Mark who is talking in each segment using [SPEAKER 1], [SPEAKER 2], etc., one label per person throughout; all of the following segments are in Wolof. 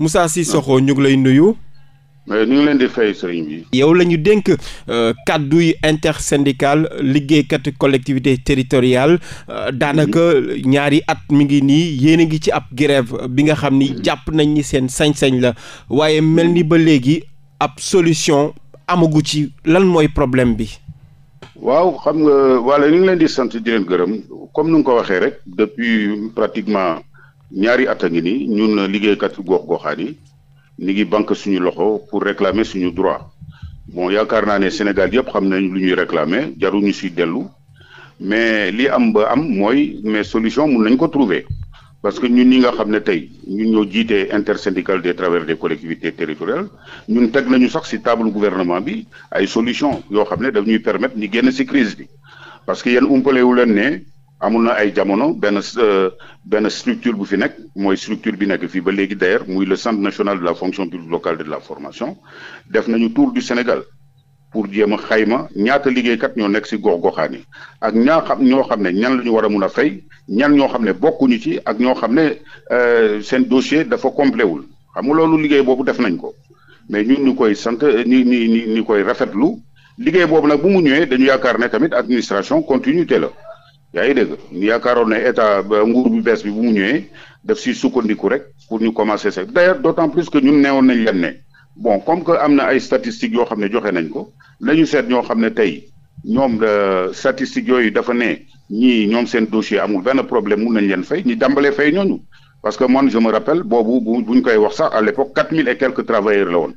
[SPEAKER 1] si Cissokho ñu ngi lay nuyu.
[SPEAKER 2] ñu ngi
[SPEAKER 1] yow lañu ñu dénk euh, kàdduy intersyndical liggéeykat collectivité territoriale euh, daanaka ñaari at mi ngi nii yéen a ngi ci ab grève bi nga xam ni jàpp nañ ni seen sañ-sañ la waaye mel ni ba léegi ab solution amagu ci lan mooy problème bi.
[SPEAKER 2] waaw xam nga wala ñu ngi leen di sant di gërëm comme nu nga ko waxee rek depuis pratiquement. ñaari at a ngi nii ñun liggéeykat yu gox-goxaan yi ñu ngi banque suñu loxo pour réclamer suñu droit bon yaakaar naa ne Sénégal yëpp xam nañu lu ñuy réclamer jarul ñu si dellu mais li am ba am mooy mais solution mun nañ ko trouver parce que ñun ñi nga xam ne tey ñun ñoo jiitee intersyndical des travailleurs des collectivités territoriales ñun teg nañu sax si table gouvernement bi ay solution yoo xam ne daf ñuy permettre ñu génn si crise bi parce que yéen umpalewu leen ne. amul na ay jamono benn euh, benn structure bu fi nekk mooy structure bi nekk fii ba léegi d'ailleurs muy le centre national de la fonction publique locale de la formation def nañu tour du Sénégal pour jéem a xayma ñaata liggéeykat ñoo nekk si gox goxaan ak ñaa ñoo xam ne ñan lañu ñu war a mun a fay ñan ñoo xam ne bokkuñu ci ak ñoo xam ne euh, seen dossier dafa complet wul xam nga loolu liggéey boobu def nañ ko mais ñun ñu koy sant ñi ñi ñi koy rafetlu liggéey boobu nag bu mu ñëwee dañu yaakaar ne tamit administration continuité la. yaa ngi dégg yaakaaroon ne état nguur bu bees bi bu mu ñëwee def si sukkandiku rek pour ñu commencer se d'ailleurs d'autant plus que ñun neewoon nañ leen ne bon comme que am na ay statistiques yoo xam ne joxe nañ ko ñu seet ñoo xam ne tey ñoom euh, statistiques yooyu dafa ne ñii ñoom seen dossier amul benn problème mun nañ leen fay ñi dambalee fay ñooñu parce que man je me rappelle boobu bu bu ñu koy wax sax à l'époque quatre mille et quelques travailleurs la woon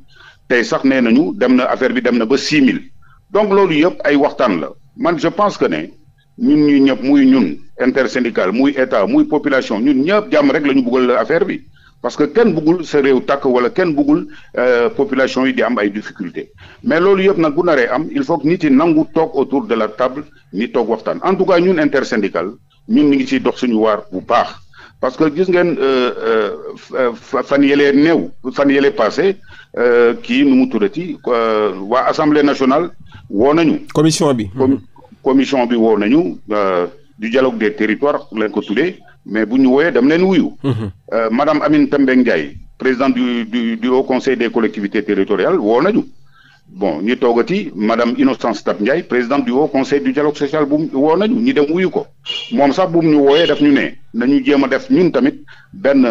[SPEAKER 2] tey sax nee nañu dem na affaire bi dem na ba six mille donc loolu yëpp ay waxtaan la man je pense que ne. ñun ñu ñëpp muy ñun intersyndical muy état muy population ñun ñëpp jàmm rek la ñu bëggal affaire bi parce que kenn buggul sa réew tàkk wala kenn bëggul euh, population yi di am ay difficultés mais loolu yëpp nag bu naree am il faut que nit yi nangu toog autour de la table ni toog waxtaan en tout cas ñun intersyndical ñun ñu ngi ciy dox suñu waar bu baax parce que gis ngeen euh, euh, fan yële néew fan yële passé kii nu mu tuddati waa assemblée nationale woo nañu. commission bi. commission bi woo nañu euh, du dialogue des territoires lañ ko tuddee mais bu ñu wooyee dem leen wuyu. Mhm. Euh, madame Aminata Mbengue Ndiaye présidente du du conseil des collectivités territoriales woo nañu. bon ñi toogati madame Innocence Ntap Ndiaye présidente du haut conseil du dialogue social bu woo nañu ñi dem wuyu ko moom sax bu ñu wooyee daf ñu ne nañu jéem a def ñun tamit benn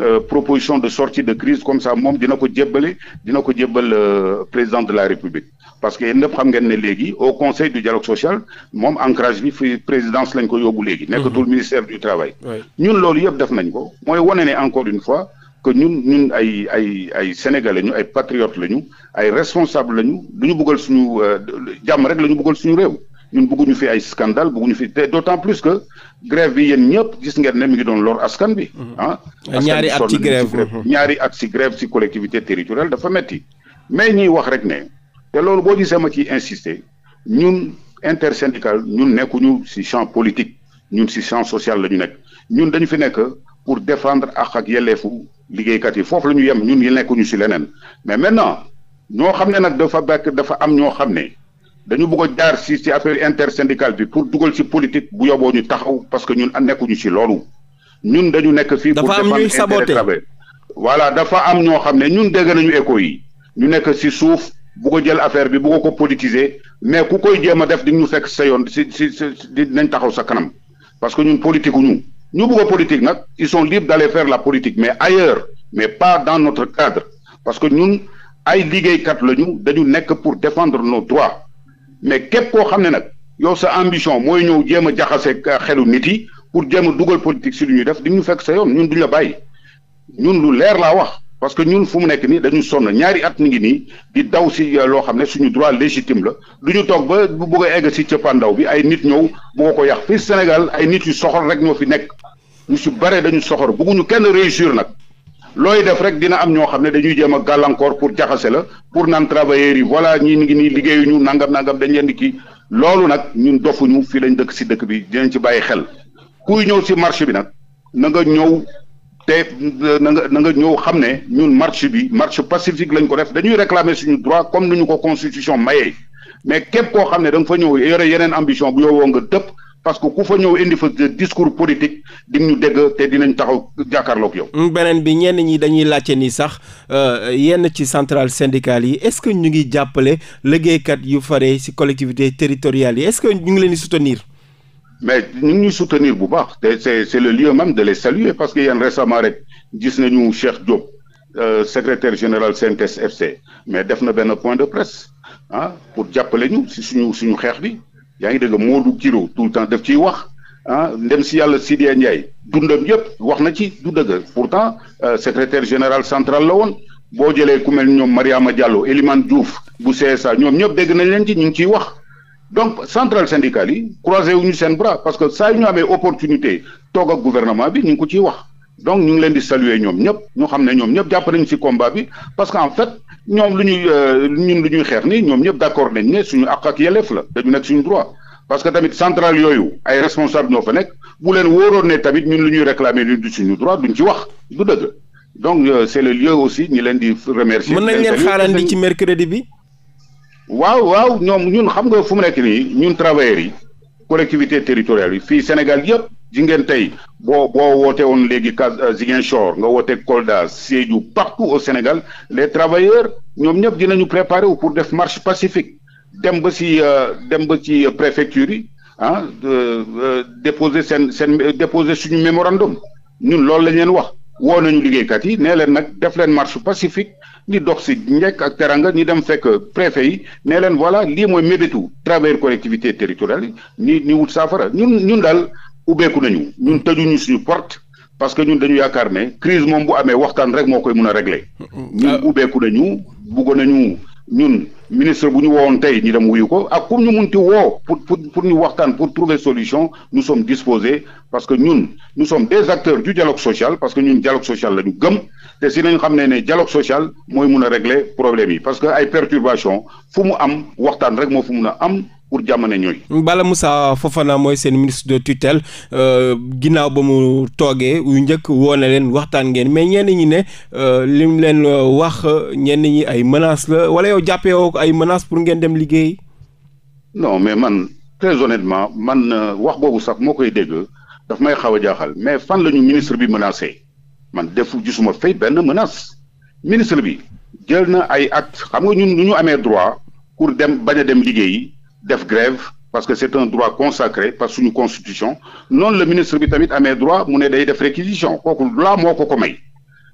[SPEAKER 2] euh, proposition de sortie de crise comme sax moom dina ko jébbale dina ko jébbal président de la république. parce que yéen xam ngeen ne léegi au conseil du dialogue social moom ancrage bi fi présidence lañ ko yóbbu léegi. Mhm. nekkatul ministère du travail. ñun loolu yëpp def nañ ko mooy wane ne encore une fois que ñun ñun ay ay ay sénégalais ñu ay patriotes lañu ay responsables lañu du ñu buggal suñu euh, jàmm rek la ñu bëggal suñu réew. ñun bëgguñu fi ay scandale bëgguñu fi te d'autant plus que grève bi yéen ñëpp gis ngeen ne mi ngi doon lor askan bi. Mhm. ah mhm. ñaari at ci grève ñaari at ci ci collectivité territoriale dafa metti mais ñiy wax rek ne. te loolu boo gisee ma ci insister ñun intersyndical ñun nekkuñu ci champ politique ñun ci champ social la ñu nekk ñun dañu fi nekk pour défendre ak ak yelleefu liggéeykat yi foofu la ñu yem ñun yi nekkuñu ci leneen mais maintenant ñoo xam ne nag dafa bekk dafa am ñoo xam ne dañu bëgg a jaar ci ci affaire intersyndicale bi pour dugal ci politique bu yoboo ñu taxaw parce que ñun nekkuñu ci loolu ñun dañu nekk fii pour défendre intérêt travail voilà dafa am ñoo xam ne ñun dégg nañu écho yi ñu nekk ci suuf bu ko jël affaire bi bu ko ko politiser mais ku koy jéem a def di ñu fekk sa yoon si si si dinañ taxaw sa kanam parce que ñun politique ñu ñu bëgg a politique nag ils sont libres d'aller faire la politique mais ailleurs mais pas dans notre cadre parce que ñun ay liggéeykat la ñu dañu nekk pour défendre no droits mais képp koo xam ne nag yow sa ambition mooy ñëw jéem a jaxase xelu nit yi pour jéem a dugal politique si lu ñuy def di ñu fekk sa yoon ñun duñ la bàyyi ñun lu leer laa wax. parce que ñun fu mu nekk nii dañu sonn ñaari at mi ngi nii di daw si euh, loo xam ne suñu droit légitime la du ñu toog ba bu bëgg a egg si cëppaandaw bi ay nit ñëw bëgg ko yàq fii Sénégal ay nit yu soxor rek ñoo fi nekk ñu su bare dañu soxor bëgguñu kenn réussir nag looy def rek dina am ñoo xam ne dañuy jéem a gàllankoor pour jaxase la pour naan travailleurs yi voilà ñii ngi nii liggéeyuñu nangam nangam dañ leen di loolu nag ñun dofuñu fii lañ dëkk si dëkk bi dinañ ci bàyyi xel kuy ñëw si marché bi nag na ñëw te euh, na nga na nga ñëw xam ne ñun marche bi marche pacifique lañ ko def dañuy réclamer suñu droit comme ni ko constitution mayee mais képp koo xam ne da fa ñëw yore yeneen ambition bu yow nga dëpp parce que ku fa ñëw indi fa discours politique di ñu dégg te dinañ taxaw jàkkaarloog yow.
[SPEAKER 1] Mm, beneen bi ñeen ñi dañuy laajte ni sax euh, yenn ci central syndicale yi est-ce que ñu ngi jàppale liggéeykat yu fare ci collectivités territoriales yi est ñu ngi leen di soutenir.
[SPEAKER 2] mais ñu ngi ñuy soutenir bu baax te c'est c'est le lieu même de les saluer parce que yéen récemment rek gis nañu Cheikh Diop euh, secrétaire général CNTS FC mais def na benn point de presse ah pour jàppale ñu si suñu suñu xeex bi yaa ngi dégg du Kiro tout le temps def ciy wax ah ndem si yàlla Sidya Ndiaye dundam yëpp wax na ci du dëgg pourtant euh, secrétaire général central la woon boo jëlee ku mel ñoom Mariama Diallo Elimane Diouf bu CSA ñoom ñëpp dégg nañ leen ci ñu ngi ciy wax. donc centrale syndicale yi croisé wuñu seen bras parce que saa yu ñu amee opportunité toog ak gouvernement bi ñu ngi ko ciy wax donc ñu ngi leen di saluer ñoom ñëpp ñu xam ne ñoom ñëpp jàpp nañu ci combat bi parce que en fait ñoom lu ñuy euh, ñun lu ñuy xeex ni ñoom ñëpp d'accord nañ ne suñu àq ak yelleef la dañu nekk suñu droit parce que tamit centrale yooyu ay responsable ñoo fa nekk bu leen wóoroon ne tamit ñun lu ñuy réclamer du suñu droit duñ ci wax du dëgg donc euh, c'est ñi leen di remercier. mën nañ leen xaarandi
[SPEAKER 1] ci mercredi bi. waaw waaw ñoom
[SPEAKER 2] ñun xam nga fu mu nekk nii ñun travailleurs yi collectivité territoriale yi fii Sénégal yëpp ji ngeen tey boo boo woote woon léegi Ziguinchor Ziguinchor nga woote Kolda Sédhiou partout au Sénégal les travailleurs ñoom ñëpp dinañu préparer wu pour def marche pacifique dem ba ci euh, dem ba ci préfecture yi ah euh, déposer seen seen déposer suñu mémorandum ñun loolu la ñu leen wax woo nañu liggéeykat yi nee leen nag def leen marche pacifique ni dox si njekk ak teranga ni dem fekk préfet yi nee leen voilà lii mooy mébétu travailleur collectivité territoriale yi ni ni wut saafara ñun ñun daal ubbeeku nañu ñun tëjuñu suñu porte parce que ñun dañu yaakaar ne crise moom bu amee waxtaan rek moo koy mun a régler euh, ñun euh, ubbeeku nañu buggoon nañu ñun ministre bu ñu woowoon tey ñu dem wuyu ko ak comme ñu munti woo pour pour pour ñu waxtaan pour trouver solution nous sommes disposés parce que ñun nous sommes des acteurs du dialogue social parce que ñun dialogue social la ñu gëm te si nañ xam ne ne dialogue social mooy mun a régler problème yi parce que ay perturbation fu mu am waxtaan rek moo fu mun a am pour jamono ñooy.
[SPEAKER 1] Bala foofa Fofana mooy seen ministre de tutelle euh, ginnaaw ba mu toogee yu njëkk woo leen waxtaan ngeen mais ñenn ñi ne euh, lim leen euh, wax ñenn ñi ay menaces la wala yow jàppee woo ko ay menaces pour ngeen dem liggéey.
[SPEAKER 2] non mais man très honnêtement man wax boobu sax moo koy dégg daf may xaw a jaaxal mais fan la ñu ministre bi menacé man defu gisuma fay benn menace ministre bi jël na ay acte xam nga ñun lu ñu amee droit pour dem bañ a dem liggéey. def grève parce que c'est un droit consacré par suñu constitution noonu la ministre bi tamit amee droit mu ne day def réquisition kooku la moo ko ko may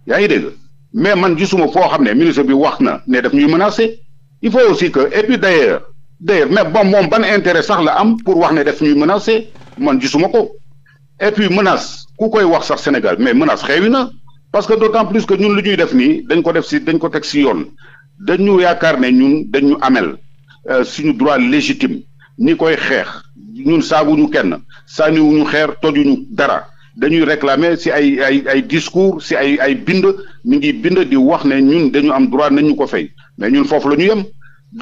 [SPEAKER 2] yaa ngi dégg mais man gisuma foo xam ne ministre bi wax na ne daf ñuy menacer il faut aussi que et puis d'ailleurs d'ailleurs mais bon moom ban intérêt sax la am pour wax ne def ñuy menacer man gisuma ko et puis menace ku koy wax sax Sénégal mais menace xewi na parce que d'autant plus que ñun lu ñuy def nii dañ ko def si dañ ko teg si yoon dañu yaakaar ne ñun dañu amel Euh, suñu droit légitime ñi koy xeex ñun saaguñu kenn sànniwuñu xeer tojuñu dara dañuy réclamer ci ay ay ay discours ci ay ay bind mi ngi bind di wax ne ñun dañu am droit nañ ñu ko fay mais ñun foofu la ñu yem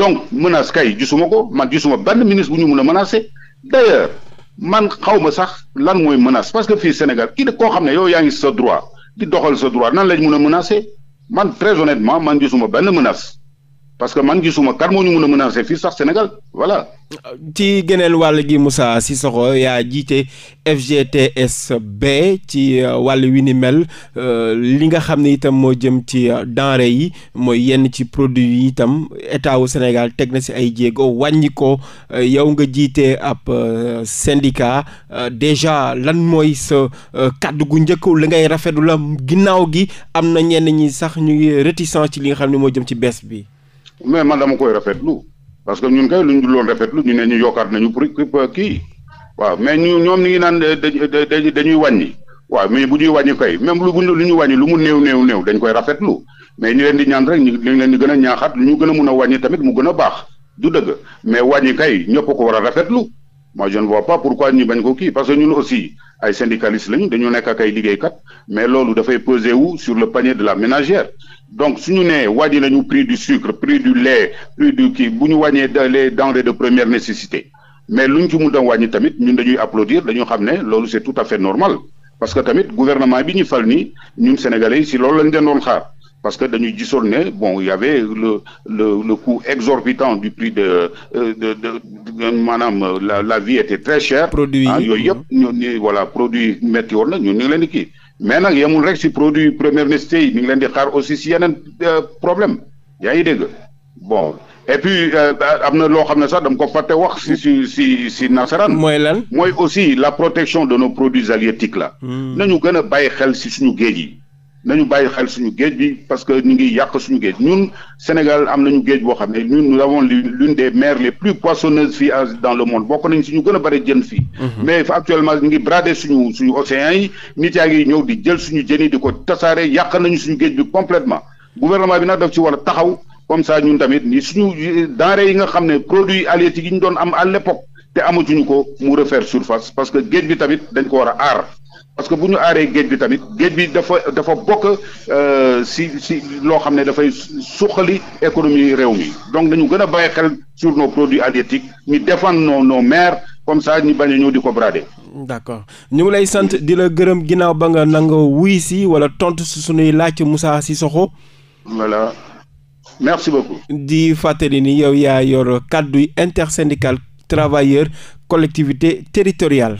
[SPEAKER 2] donc menace kay gisuma ko man gisuma benn ministre bu ñu mën a menacer d'ailleurs man xaw ma sax lan mooy menace parce que fii Sénégal kii koo xam ne yow yaa ngi sa droit di doxal sa droit nan lañ mën a menacer man très honnêtement man gisuma benn menace. parce que man gisuma kan moo ñu mën a menacer fii sax Sénégal
[SPEAKER 1] voilà. ci geneen wàll gi si Cissokho yaa jiite FGTSB ci euh, wàll wi ni mel euh, li nga xam ne itam moo jëm ci euh, denrée yi mooy yenn ci produit yi itam état wu Sénégal teg na si ay jéego wàññi yow nga jiite ab syndicat déjà lan mooy sa kàddu gu njëkk li ngay rafetlu la ginnaaw gi am na ñenn ñi sax ñu ngi réticent ci li nga xam ne moo jëm ci bees bi.
[SPEAKER 2] mais man dama koy rafetlu parce que ñun kay luñ loon rafetlu ñu ne ñu yokkaat nañu pour kii waaw mais ñu ñoom ñu ngi naan dañuy dañuy wàññi waaw mais bu ñuy wàññi kay même lu buñ lu ñu wàññi lu mu néew néew néew dañ koy rafetlu mais ñu leen di ñaan rek ñu leen di gën a ñaaxaat lu ñu gën a mun a wàññi tamit mu gën a baax du dëgg mais wàññi kay ñëpp ko war a rafetlu moi je ne vois pas pourquoi ñu bañ ko kii parce que ñun aussi ay syndicalistes lañu dañu nekk ak ay liggéeykat mais loolu dafay peser wu sur le panier de la ménagère donc suñu nee wàññi nañu prix du sucre prix du lait prix du kii bu ñu wàññee les denrées de première nécessité mais luñ ci mun a wàññi tamit ñun dañuy applaudir dañu xam ne loolu c'est tout à fait normal parce que tamit gouvernement bi ñu fal nii ñun sénégalais yi si loolu lañ leen doon xaar. parce que dañuy gisoon ne bon il y le le le coût exorbitant du prix de euh, de maanaam euh, la la vie était très chère. produit yi ah, yooyu yëpp mm-hmm. ñu voilà produit métti woon na ñu ngi leen di kii mais nag yemul rek si produit première nécessité yi ñu ngi leen di xaar aussi si yenen euh, problème yaa ngi dégg bon et puis am na loo xam ne sax dama ko fàtte wax si si si si nasaraan. mooy lan mooy aussi la protection de nos produits halieutiques la mm. nañu gën a bàyyi xel si suñu géej yi. nañu bàyyi xel suñu géej bi parce que ñu ngi yàq suñu géej ñun Sénégal am nañu géej boo xam ne ñun nous avons l'une des mers les plus poissonneuses fii dans le monde bokk nañ si ñu gën a bëri jën fii mm-hmm. mais actuellement ñu ngi brader suñu suñu océans yi nit yaa ngi ñëw di jël suñu jën yi di ko tasaare yàq nañu suñu géej bi complètement gouvernement bi nag daf ci war a taxaw comme ça ñun tamit ni suñu denrées yi nga xam ne produits halieutiques yi ñu doon am à l'époque te amatuñu ko mu refaire surface parce que géej bi tamit dañ ko war a aar parce que bu ñu aaree géej bi tamit géej bi dafa dafa bokk euh, si si loo xam ne dafay suqali économie réew mi donc nañu gën a bàyyi xel sur nos produits halieutiques ñu défendre nos nos mers comme ça ñu bañ a ñëw di ko brade
[SPEAKER 1] d'accord ñu ngi lay sant di la gërëm ginnaaw ba nga nanga wuy si wala tontu suñuy laaj si Cissokho. voilà merci beaucoup. di fàttali ni yow yaa yor kàddu yi intersyndical collectivité territoriale.